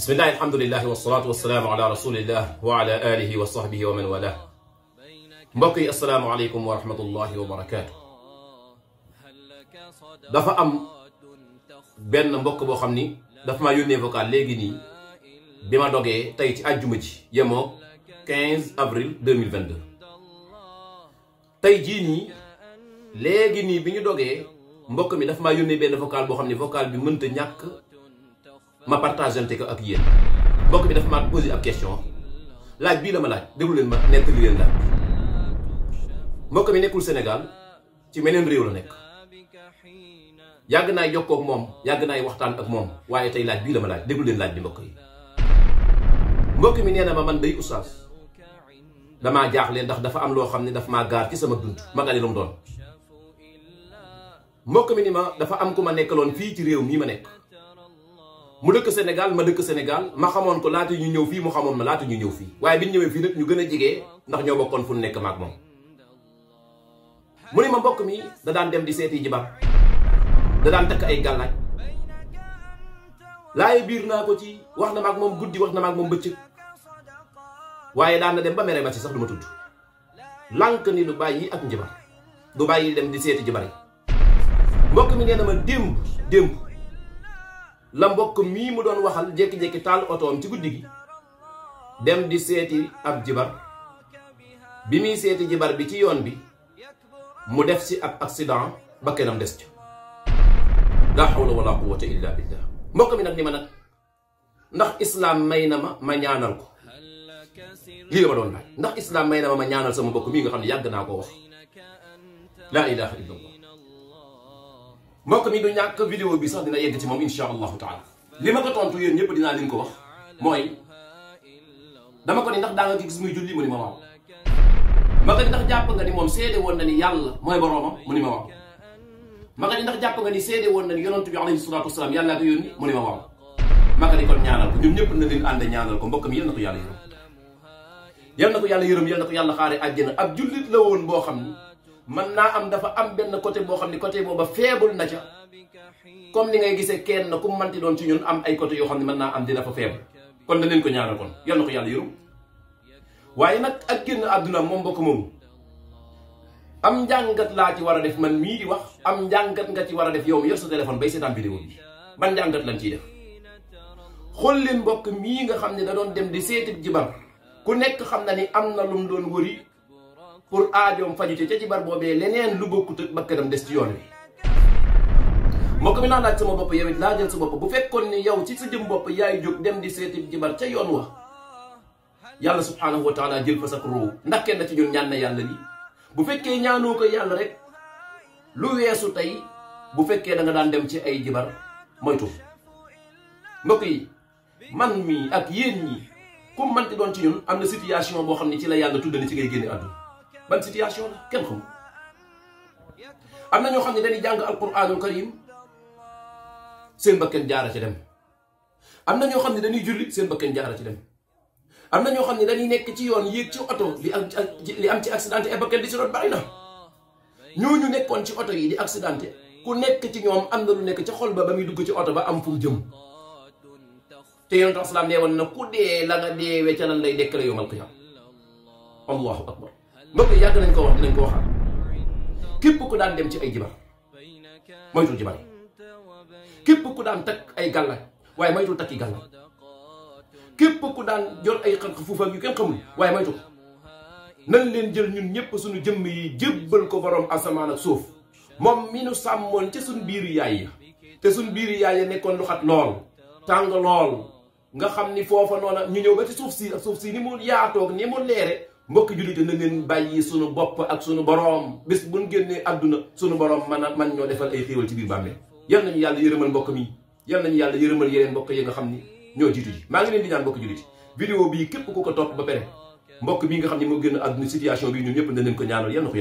بسم الله الحمد لله والصلاة والسلام على رسول الله وعلى آله وصحبه ومن والاه مبقي السلام عليكم ورحمة الله وبركاته دفع أم بين مبقي بوخمني دفع ما يوني فقال لغني بما دوغي تايت أجمج يمو 15 أبريل 2022 تاي جيني لغني بني دوغي مبقي دفع ما يوني بين فقال بوخمني فقال بمنت نيك ma partagante ko ak yéen mbokk bi dafa ma posé ab question laaj bii la ma laaj déglu leen ma nettali leen laaj mbokk mi nekkul Sénégal ci meneen réew la nekk yàgg naay jokkoo ak moom yàgg naay waxtaan ak moom waaye tey laaj bii la ma laaj déglu leen laaj bi mbokk yi mbokk mi nee na ma man day oustaz damaa jaaxle ndax dafa am loo xam ne dafa maa gaar ci sama dund ma nga ne lu mu doon mbokk mi ni ma dafa am ku ma nekkaloon fii ci réew mii ma nekk mu dëkk Sénégal ma dëkk Sénégal ma xamoon ko laata ñu ñëw fii mu xamoon ma laata ñu ñëw fii waaye bi ñu ñëwee fii nag ñu gën a jigee ndax ñoo bokkoon fu nekk maag moom mu ne ma mbokk mi da daan dem di seeti jibar da daan takk ay gàllaaj laaye biir naa ko ci wax na maag moom guddi wax na maag moom bëccëg waaye daan na dem ba mere ma ci sax du ma tudd lànk ni lu bàyyi ak njibar du bàyyi dem di seeti jibar yi mbokk mi nee na ma démb démb la mbokk mii mu doon waxal jékki-jékki taal otoom ci guddi gi dem di seeti ab jibar bi muy seeti jibar bi ci yoon bi mu def ci ab accident ba kenam des ci la hawla wala quwwata illa billah mbokk mi nag ni ma nag ndax islaam may na ma ma ñaanal ko lii la ma doon laaj ndax islaam may na ma ma ñaanal sama mbokk mii nga xam ne yàgg naa ko wax mbokk mi du ñak vidéo bi sax dina yegg ci mom inshallah taala lima ko tontu yeen ñepp dina leen ko wax moy dama ko ni ndax da nga gis muy julli mu ni ma waaw ma ko ndax japp nga ni mom sédé won na ni yalla moy boroma mu ni ma waaw ma ko ndax japp nga ni sédé won na ni yonent bi alayhi salatu wassalam yalla ko yoni mu ni ma waaw ma ko ni kon ñaanal ko ñun ñepp na leen ande ñaanal ko mbokk yeen nako yalla yeen yàlla yërëm yal na ko yàlla yërëm yal na ab julit la won bo xamni man naa am dafa am benn côté boo xam ne côté booba feebul na ca comme ni ngay gisee kenn ku manti doon ci ñun am ay côté yoo xam ne mën naa am dina fa faible kon danañ ko ñaanal kon yal ko yàlla yërëm waaye nag ak génn àdduna moom mbokk moomu am njàngat laa ci war a def man mii di wax am njàngat nga ci war a def yow mi yor sa téléphone bay seetaan vidéo bi ban njàngat lañ ciy def xool leen mbokk mii nga xam ne da doon dem di seeti jibar ku nekk xam na ni am na lu mu doon wëri pour aajoom faju te ca ci bar boobee leneen lu bokkut ak bakkanam des ci yoon wi mbokk mi naa laaj sama bopp yow it laa jël sa bopp bu fekkoon ni yow ci sa jëm bopp yaay jóg dem di seeti jibar ca yoon wa yàlla subhaanahu wa taala jël fa sa ruu ndax kenn ci ñun ñaan na yàlla lii bu fekkee ñaanoo ko yàlla rek lu weesu tey bu fekkee da nga daan dem ci ay jibar moytu mbokk yi man mii ak yéen ñi ku manti doon ci ñun am na situation boo xam ne ci la yàlla tuddali ci ngay ban situation la kenn xamul am na ñoo xam ne dañuy jàng alquranul karim seen bakkan jaara ci dem na ñoo xam ne dañuy julli seen bakkan jaara ci dem am na ñoo xam ne dañuy nekk ci yoon yéeg ci oto li am ci accidenté ay bakkan di si doon bari na ñooñu nekkoon ci oto yi di accidenté ku nekk ci ñoom am na lu nekk ca xol ba ba muy dugg ci oto ba am fu mu jëm te yonent asalaam nee woon na ku dee la nga deewee ca lan lay dekkale yowmal qiyaam allahu akbar mbokk yàgg nañ ko wax dinañ ko waxaat képp ku daan dem ci ay jibar moytul jibar yi képp ku daan takk ay gàlla waaye moytul takki gàlla képp ku daan jor ay xar fuufa yu kenn xamul waaye moytul leen jël ñun ñëpp suñu jëmm yi ko borom asamaan ak suuf moom mi nu sàmmoon ca suñ biiru ya te suñ biiru yaay ya nekkoon lu xat lool tàng nga xam ni foofa noona ñu ñëw ba ci suuf si suuf si ni mu yaatoog ni mu leere mbokk jullit yi na ngeen bàyyi sunu bopp ak sunu boroom bés bu ñu génnee àdduna sunu boroom man a man ñoo defal ay xéewal ci biir bàmmeel yal nañu yàlla yërëmal mbokk mi yal nañu yàlla yërëmal yeneen mbokk yi nga xam ni ñoo jiitu ji maa ngi leen di ñaan mbokk jullit yi bii képp ku ko topp ba pare mbokk bii nga xam ne moo génn àdduna situation bii ñun ñëpp na leen ko ñaanal yal na ko